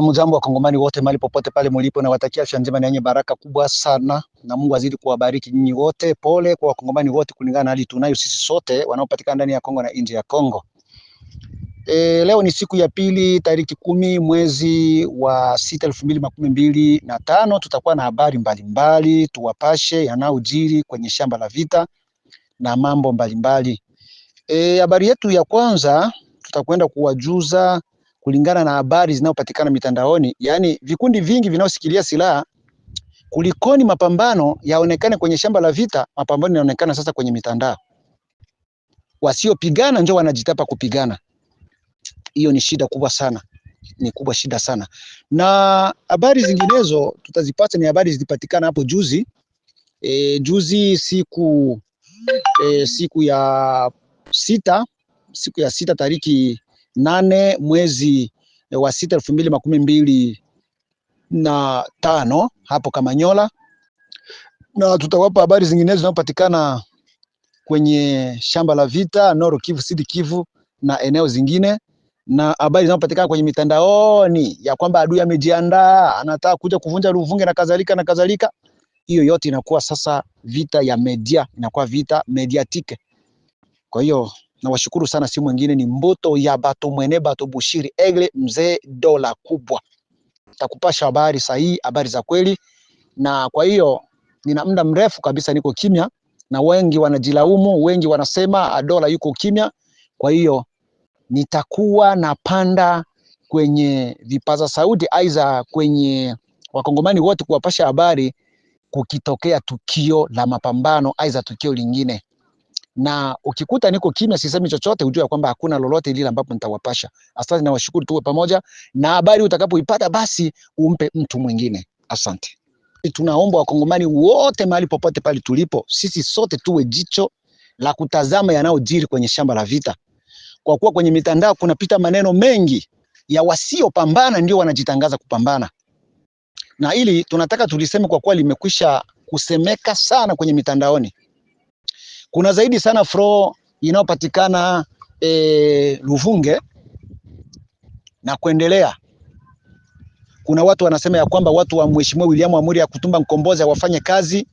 Mjambo wa Kongomani wote mahali popote pale mulipo, nawatakia afya njema na yenye baraka kubwa sana, na Mungu azidi kuwabariki nyinyi wote. Pole kwa Wakongomani wote kulingana na hali tunayo sisi sote wanaopatikana ndani ya Kongo na nje ya Kongo. E, leo ni siku ya pili tariki kumi mwezi wa sita elfu mbili makumi mbili na tano. Tutakuwa na habari mbalimbali mbali, tuwapashe yanayojiri kwenye shamba la vita na mambo mbalimbali. mbali. E, yetu ya kwanza tutakwenda kuwajuza kulingana na habari zinazopatikana mitandaoni, yaani vikundi vingi vinaosikilia silaha kulikoni mapambano yaonekane kwenye shamba la vita, mapambano yanaonekana sasa kwenye mitandao. Wasiopigana ndio wanajitapa kupigana. Hiyo ni shida kubwa sana, ni kubwa shida sana. Na habari zinginezo tutazipata ni habari zilipatikana hapo juzi e, juzi siku e, siku ya sita siku ya sita tariki nane mwezi eh, wa sita elfu mbili makumi mbili na tano hapo Kamanyola, na tutawapa habari zinginezo zinazopatikana kwenye shamba la vita Noro Kivu, Sidi Kivu na eneo zingine, na habari zinazopatikana kwenye mitandaoni ya kwamba adui amejiandaa, anataka kuja kuvunja Luvunge na kadhalika na kadhalika. Hiyo yote inakuwa sasa vita ya media, inakuwa vita mediatique. Kwa hiyo Nawashukuru sana, si mwingine ni Mboto ya Bato Mwene Bato Bushiri Egle, mzee dola kubwa, takupasha habari sahihi, habari za kweli. Na kwa hiyo nina muda mrefu kabisa niko kimya, na wengi wanajilaumu, wengi wanasema dola yuko kimya. Kwa hiyo nitakuwa napanda kwenye vipaza sauti, aidha kwenye wakongomani wote kuwapasha habari kukitokea tukio la mapambano, aidha tukio lingine na ukikuta niko kimya, sisemi chochote, ujue kwamba hakuna lolote lile ambapo nitawapasha. Asante na washukuru, tuwe pamoja na habari. Utakapoipata basi umpe mtu mwingine. Asante. Tunaomba wakongomani wote mahali popote pale tulipo, sisi sote tuwe jicho la kutazama yanayojiri kwenye shamba la vita, kwa kuwa kwenye mitandao kunapita maneno mengi ya wasiopambana ndio wanajitangaza kupambana, na ili tunataka tuliseme, kwa kuwa limekwisha kusemeka sana kwenye mitandaoni kuna zaidi sana fro inayopatikana e, Luvunge na kuendelea. Kuna watu wanasema ya kwamba watu wa Mheshimiwa William Amuri ya Kutumba Mkombozi wafanye kazi,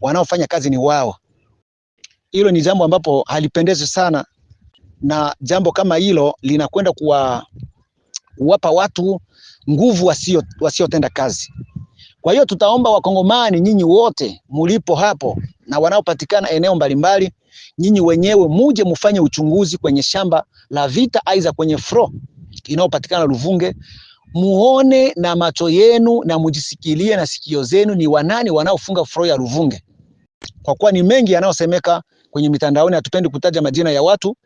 wanaofanya kazi ni wao. Hilo ni jambo ambapo halipendezi sana, na jambo kama hilo linakwenda kuwa kuwapa watu nguvu wasio wasiotenda kazi. Kwa hiyo tutaomba Wakongomani, nyinyi wote mulipo hapo na wanaopatikana eneo mbalimbali, nyinyi wenyewe muje mufanye uchunguzi kwenye shamba la vita, aidha kwenye fro inayopatikana Luvunge, muone na macho yenu na mujisikilie na sikio zenu, ni wanani wanaofunga fro ya Luvunge, kwa kuwa ni mengi yanayosemeka kwenye mitandaoni. Hatupendi kutaja majina ya watu,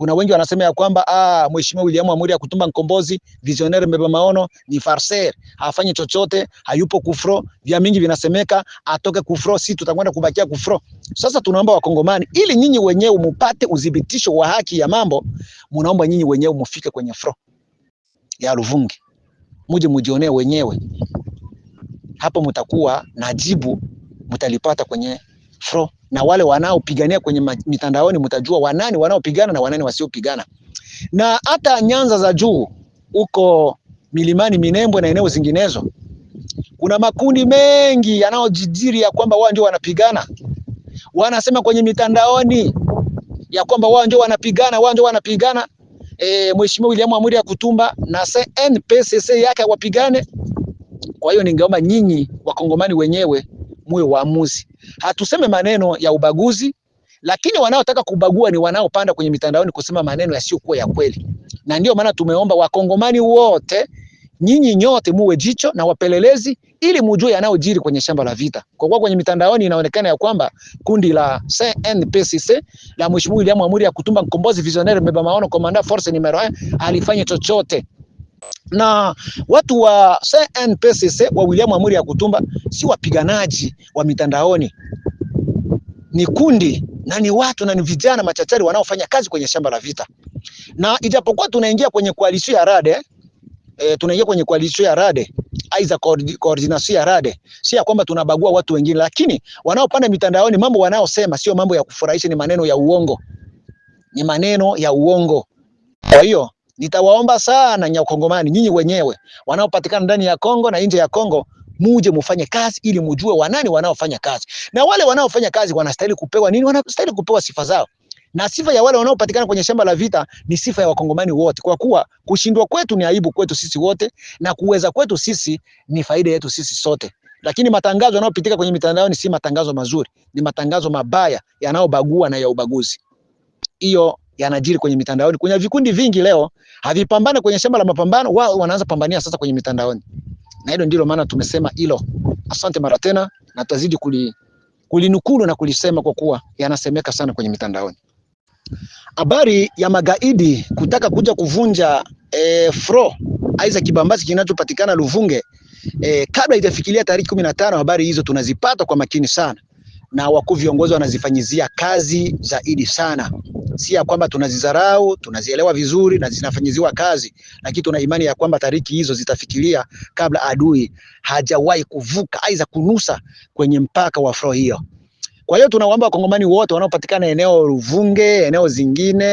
kuna wengi wanasema ya kwamba ah, mheshimiwa William Amuri Yakutumba Mkombozi, visionnaire mbeba maono, ni farser, hafanyi chochote, hayupo kufro, vya mingi vinasemeka, atoke kufro, si tutakwenda kubakia kufro. Sasa tunaomba Wakongomani, ili nyinyi wenyewe mupate udhibitisho wa haki ya mambo, munaomba nyinyi wenyewe mufike kwenye fro ya Luvungi, muje mujionee wenyewe, hapo mutakuwa na jibu, mutalipata kwenye fro na wale wanaopigania kwenye mitandaoni, mtajua wanani wanaopigana na wanani wasiopigana. Na hata nyanza za juu huko milimani Minembwe na eneo zinginezo, kuna makundi mengi yanayojidiri ya kwamba wao ndio wanapigana, wanasema kwenye mitandaoni ya kwamba wao ndio wanapigana, wao ndio wanapigana. E, Mheshimiwa William Amuri ya Kutumba na CNPCC yake wapigane. Kwa hiyo ningeomba nyinyi wakongomani wenyewe muwe waamuzi hatuseme maneno ya ubaguzi, lakini wanaotaka kubagua ni wanaopanda kwenye mitandaoni kusema maneno yasiyokuwa ya kweli, na ndio maana tumeomba wakongomani wote nyinyi nyote muwe jicho na wapelelezi ili mujue yanayojiri kwenye shamba la vita. Kwa kuwa kwenye mitandaoni inaonekana ya kwamba kundi la CNPCC la Mheshimiwa William Amuri ya Kutumba Mkombozi Visionnaire Mbeba Maono Komanda Force Numero 1 alifanya chochote na watu wa CNPSC wa William Amuri ya Kutumba si wapiganaji wa mitandaoni, ni kundi na ni watu na ni vijana machachari wanaofanya kazi kwenye shamba la vita, na ijapokuwa tunaingia kwenye koalisio ya Rade e, tunaingia kwenye koalisio ya Rade aiza koordinasio ya Rade, si ya kwamba tunabagua watu wengine, lakini wanaopanda mitandaoni, mambo wanaosema sio mambo ya kufurahisha, ni maneno ya uongo, ni maneno ya uongo. Kwa hiyo Nitawaomba sana Nyakongomani, nyinyi wenyewe wanaopatikana ndani ya Kongo na nje ya Kongo, muje mufanye kazi ili mujue wanani wanaofanya kazi na wale wanaofanya kazi wanastahili kupewa nini, wanastahili kupewa sifa zao na sifa ya wale wanaopatikana kwenye shamba la vita ni sifa ya wakongomani wote, kwa kuwa kushindwa kwetu ni aibu kwetu sisi wote, na kuweza kwetu sisi ni faida yetu sisi sote. Lakini matangazo yanayopitika kwenye mitandao ni si matangazo mazuri, ni matangazo mabaya yanayobagua na ya ubaguzi. Hiyo yanajiri kwenye mitandaoni. Kuna vikundi vingi leo havipambane kwenye shamba la mapambano, wao wanaanza pambania sasa kwenye mitandaoni, na hilo ndilo maana tumesema hilo. Asante mara tena, na tutazidi kuli kulinukulu na kulisema kwa kuwa yanasemeka sana kwenye mitandaoni. Habari ya magaidi kutaka kuja kuvunja e, fro aiza kibambazi kinachopatikana Luvunge e, kabla haijafikilia tarehe kumi na tano. Habari hizo tunazipata kwa makini sana na wakuu viongozi wanazifanyizia kazi zaidi sana si ya kwamba tunazidharau, tunazielewa vizuri na zinafanyiziwa kazi, lakini tuna imani ya kwamba tariki hizo zitafikiria kabla adui hajawahi kuvuka aidha kunusa kwenye mpaka wa froo hiyo. Kwa hiyo tunawaomba wakongomani wote wanaopatikana eneo Ruvunge, eneo zingine,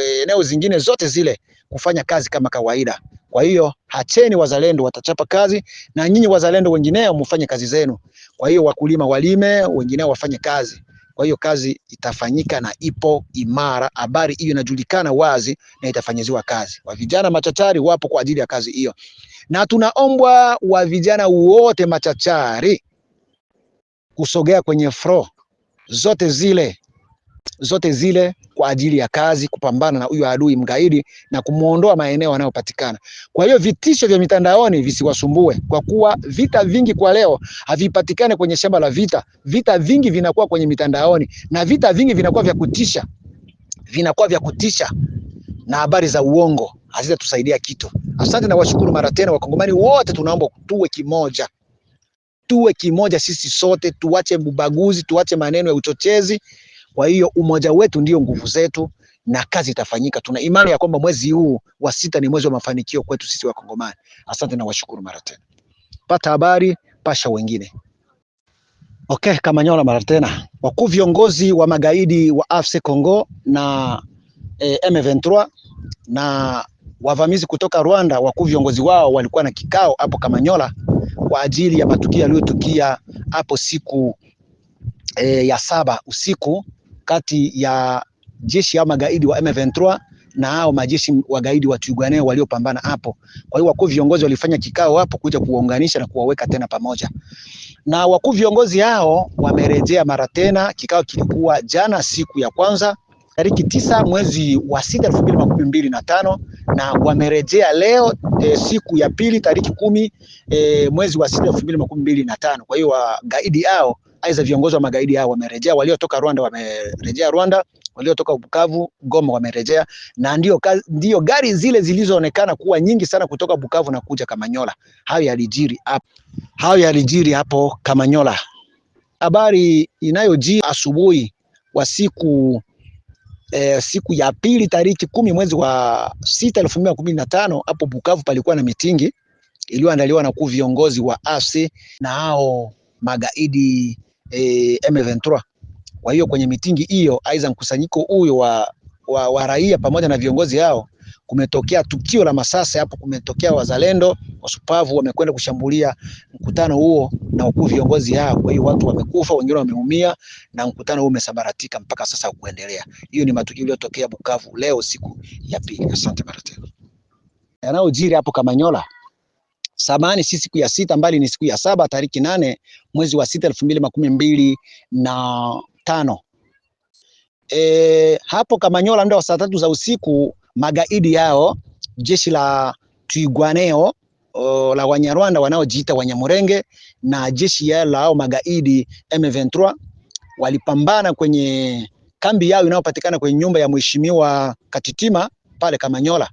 eh, eneo zingine zote zile kufanya kazi kama kawaida. Kwa hiyo hacheni wazalendo watachapa kazi, na nyinyi wazalendo wengineo mfanye kazi zenu. Kwa hiyo wakulima walime, wengineo wafanye kazi. Kwa hiyo kazi itafanyika na ipo imara. Habari hiyo inajulikana wazi na itafanyiziwa kazi. Wa vijana machachari wapo kwa ajili ya kazi hiyo, na tunaombwa wa vijana wote machachari kusogea kwenye fro zote zile zote zile kwa ajili ya kazi, kupambana na huyo adui mgaidi na kumuondoa maeneo anayopatikana. Kwa hiyo vitisho vya mitandaoni visiwasumbue, kwa kuwa vita vingi kwa leo havipatikane kwenye shamba la vita. Vita vingi vinakuwa kwenye mitandaoni, na vita vingi vinakuwa vya kutisha, vinakuwa vya kutisha na habari za uongo hazitatusaidia kitu. Asante na washukuru mara tena. Wakongomani wote tunaomba tuwe kimoja, tuwe kimoja sisi sote, tuache ubaguzi, tuache maneno ya uchochezi. Kwa hiyo umoja wetu ndio nguvu zetu, na kazi itafanyika. Tuna imani ya kwamba mwezi huu wa sita ni mwezi wa mafanikio kwetu sisi Wakongomani. Asante na washukuru mara tena. Pata habari, pasha wengine. Okay, Kamanyola mara tena. Wakuu viongozi wa magaidi wa AFC Congo na eh, M23 na wavamizi kutoka Rwanda, wakuu viongozi wao walikuwa na kikao hapo Kamanyola kwa ajili ya matukio yaliyotukia hapo siku eh, ya saba usiku kati ya jeshi ya magaidi wa M23 na hao majeshi wagaidi wa Twigwanewe waliopambana hapo. Kwa hiyo wakuu viongozi walifanya kikao hapo kuja kuwaunganisha na kuwaweka tena pamoja, na wakuu viongozi hao wamerejea mara tena. Kikao kilikuwa jana siku ya kwanza tariki tisa mwezi wa sita elfu mbili makumi mbili na tano na wamerejea leo e, siku ya pili tariki kumi e, mwezi wa sita elfu mbili makumi mbili na tano Kwa hiyo wagaidi hao aidha viongozi wa magaidi hao wamerejea, waliotoka Rwanda wamerejea Rwanda, waliotoka Bukavu, Goma wamerejea, na ndio, ndio gari zile zilizoonekana kuwa nyingi sana kutoka Bukavu na kuja Kamanyola. Hayo yalijiri hapo, hayo yalijiri hapo Kamanyola. Habari inayojia asubuhi wa siku Eh, siku ya pili tariki kumi mwezi wa sita elfu mbili kumi na tano hapo Bukavu palikuwa na mitingi iliyoandaliwa na kuu viongozi wa AFC na hao magaidi e, M23. Kwa hiyo kwenye mitingi hiyo, aidha mkusanyiko huyo wa, wa, wa raia pamoja na viongozi hao, kumetokea tukio la masasa. Hapo kumetokea wazalendo wasupavu wamekwenda kushambulia mkutano huo na huku viongozi hao. Kwa hiyo watu wamekufa, wengine wameumia na mkutano huo umesambaratika mpaka sasa kuendelea. Hiyo ni matukio yaliyotokea Bukavu leo siku ya pili. Asante Baratero. Yanayojiri hapo Kamanyola samani si siku ya sita, mbali ni siku ya saba tariki nane mwezi wa sita elfu mbili makumi mbili na tano. E, hapo Kamanyola muda wa saa tatu za usiku magaidi yao jeshi la Twigwaneo o, la Wanyarwanda wanaojiita Wanyamurenge na jeshi yao lao magaidi M23 walipambana kwenye kambi yao inayopatikana kwenye nyumba ya mheshimiwa Katitima pale Kamanyola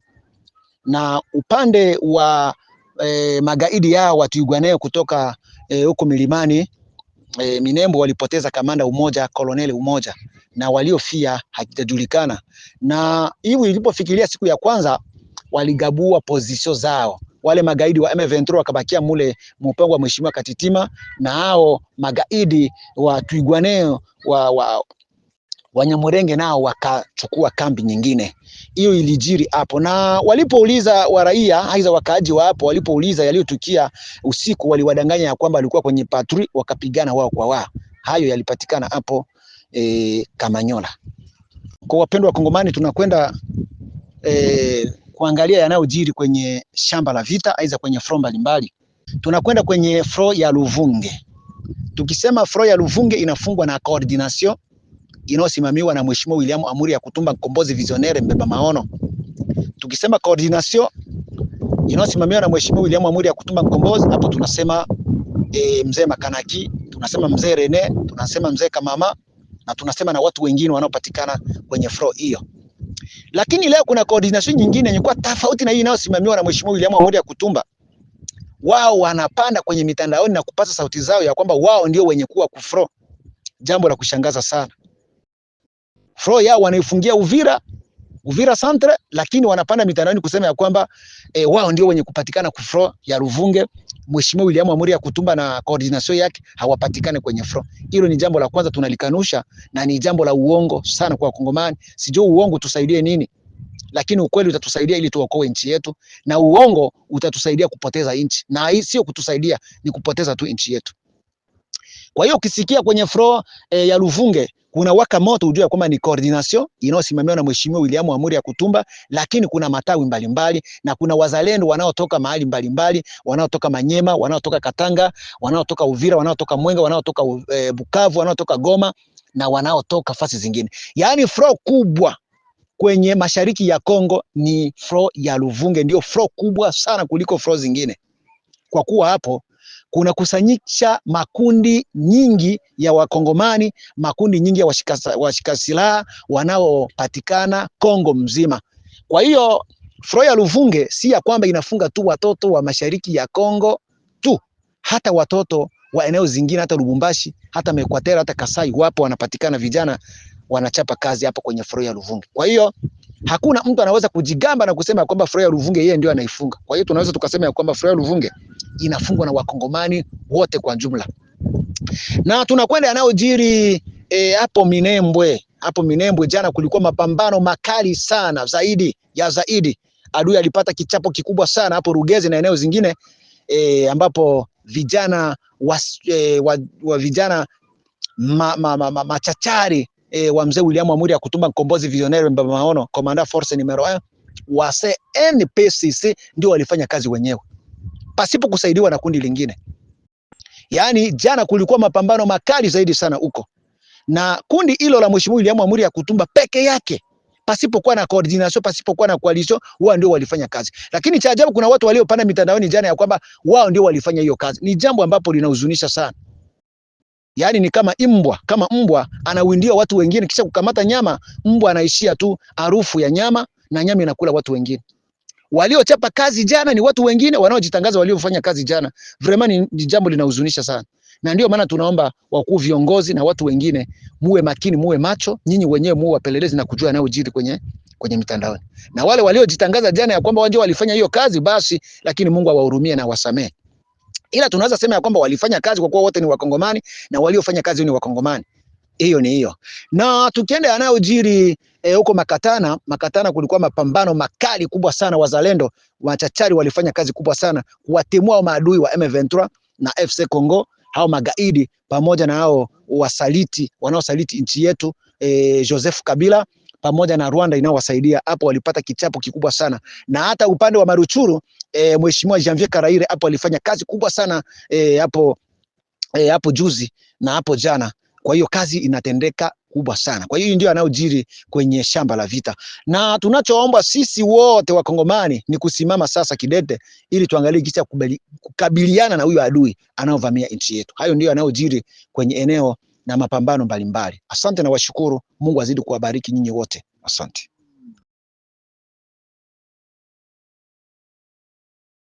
na upande wa e, magaidi yao watuigwaneo kutoka eh, huko e, milimani e, Minembo walipoteza kamanda umoja, koloneli umoja na waliofia hakijajulikana. Na hivi ilipofikiria siku ya kwanza waligabua pozisio zao wale magaidi wa M23 wakabakia mule mpango wa mheshimiwa Katitima na hao magaidi wa Twigwaneo wa, wa Wanyamurenge nao wakachukua kambi nyingine. Hiyo ilijiri hapo, na walipouliza waraia aidha wakaaji wa hapo, walipouliza yaliyotukia usiku, waliwadanganya ya kwamba alikuwa kwenye patrui, wakapigana wao kwa wao. Hayo yalipatikana hapo e, Kamanyola. Kwa wapendwa wa Kongomani, tunakwenda e, kuangalia yanayojiri kwenye shamba la vita aidha kwenye fro mbalimbali. Tunakwenda kwenye fro ya Luvunge. Tukisema fro ya Luvunge inafungwa na coordination inayosimamiwa na Mheshimiwa William Amuri ya Kutumba Mkombozi Visionnaire mbeba maono. Tukisema coordination inayosimamiwa na Mheshimiwa William Amuri ya Kutumba Mkombozi, hapo tunasema e, mzee Makanaki, tunasema mzee Rene, tunasema mzee Kamama na tunasema na watu wengine wanaopatikana kwenye floor hiyo. Lakini leo kuna coordination nyingine yenye tofauti na hii inayosimamiwa na Mheshimiwa William Amuri ya Kutumba wao wanapanda kwenye mitandaoni na kupasa sauti zao ya kwamba wao ndio wenye kuwa kufro, jambo la kushangaza sana flow yao wanaifungia Uvira Uvira Centre, lakini wanapanda mitandaoni kusema ya kwamba e, wao ndio wenye kupatikana ku fro ya Ruvunge. Mheshimiwa William Amuri ya kutumba na coordination yake hawapatikane kwenye fro. Hilo ni jambo la kwanza tunalikanusha na ni jambo la uongo sana kwa Kongomani. Sijui uongo tusaidie nini? Lakini ukweli utatusaidia ili tuokoe nchi yetu na uongo utatusaidia kupoteza nchi. Na hii sio kutusaidia, ni kupoteza tu nchi yetu. Kwa hiyo ukisikia kwenye fro e, eh, ya Ruvunge kuna waka moto ujue kwamba ni coordination inayosimamiwa na Mheshimiwa William Amuri ya Kutumba, lakini kuna matawi mbalimbali mbali, na kuna wazalendo wanaotoka mahali mbalimbali wanaotoka Manyema, wanaotoka Katanga, wanaotoka Uvira, wanaotoka Mwenga, wanaotoka e, Bukavu, wanaotoka Goma na wanaotoka fasi zingine. Yaani fro kubwa kwenye mashariki ya Kongo ni fro ya Luvunge, ndio fro kubwa sana kuliko fro zingine, kwa kuwa hapo kuna kusanyisha makundi nyingi ya Wakongomani, makundi nyingi ya washika, washika silaha wanaopatikana Kongo mzima. Kwa hiyo Front ya Luvunge si ya kwamba inafunga tu watoto wa mashariki ya Kongo tu, hata watoto wa eneo zingine, hata Lubumbashi, hata Mekwatera, hata Kasai, wapo wanapatikana vijana wanachapa kazi hapo kwenye Front ya Luvunge. Kwa hiyo hakuna mtu anaweza kujigamba na kusema kwamba Front ya Luvunge yeye ndio anaifunga. Kwa hiyo tunaweza tukasema ya kwamba Front ya Luvunge inafungwa na wakongomani wote kwa jumla. Na tunakwenda yanayojiri e, hapo e, Minembwe. Hapo Minembwe jana kulikuwa mapambano makali sana zaidi ya zaidi, adui alipata kichapo kikubwa sana hapo Rugezi na eneo zingine e, ambapo vijana wa, e, wa, wa vijana machachari ma, ma, ma, e, wa mzee William Amuri ya kutumba mkombozi Visionary Mbaba Maono, Commander force numero 1 wa CNPCC ndio walifanya kazi wenyewe pasipo kusaidiwa na kundi lingine. Yaani jana kulikuwa mapambano makali zaidi sana huko, na kundi hilo la Mheshimiwa William Amuri ya kutumba peke yake pasipokuwa na coordination, pasipokuwa na coalition, wao ndio walifanya kazi. Lakini cha ajabu, kuna watu waliopanda mitandaoni jana ya kwamba wao ndio walifanya hiyo kazi. Ni jambo ambapo linahuzunisha sana. Yaani ni kama imbwa, kama mbwa anawindia watu wengine, kisha kukamata nyama, mbwa anaishia tu harufu ya nyama na nyama inakula watu wengine waliochapa kazi jana ni watu wengine wanaojitangaza waliofanya kazi jana. Vraiment ni jambo linahuzunisha sana, na ndio maana tunaomba wakuu viongozi na watu wengine muwe makini, muwe macho, nyinyi wenyewe muwe wapelelezi na kujua yanayojiri kwenye kwenye mitandao, na wale waliojitangaza jana ya kwamba wao walifanya hiyo kazi basi, lakini Mungu awahurumie na wasamee. Ila tunaweza sema ya kwamba walifanya kazi kwa kuwa wote ni Wakongomani na waliofanya kazi ni Wakongomani hiyo ni hiyo. Na tukienda yanayojiri e, huko Makatana, Makatana kulikuwa mapambano makali kubwa sana. Wazalendo wachachari walifanya kazi kubwa sana kuwatimua maadui wa M23 na FC Congo, hao magaidi pamoja na hao wasaliti wanaosaliti nchi yetu e, Joseph Kabila pamoja na Rwanda inayowasaidia hapo, walipata kichapo kikubwa sana na hata upande wa Maruchuru e, Mheshimiwa Janvier Karaire hapo alifanya kazi kubwa sana hapo e, hapo e, juzi na hapo jana kwa hiyo kazi inatendeka kubwa sana. Kwa hiyo ndio anayojiri kwenye shamba la vita, na tunachoomba sisi wote wakongomani ni kusimama sasa kidete, ili tuangalie jinsi ya kukabiliana na huyo adui anaovamia nchi yetu. Hayo ndio yanayojiri kwenye eneo na mapambano mbalimbali. Asante na washukuru. Mungu azidi kuwabariki nyinyi wote, asante.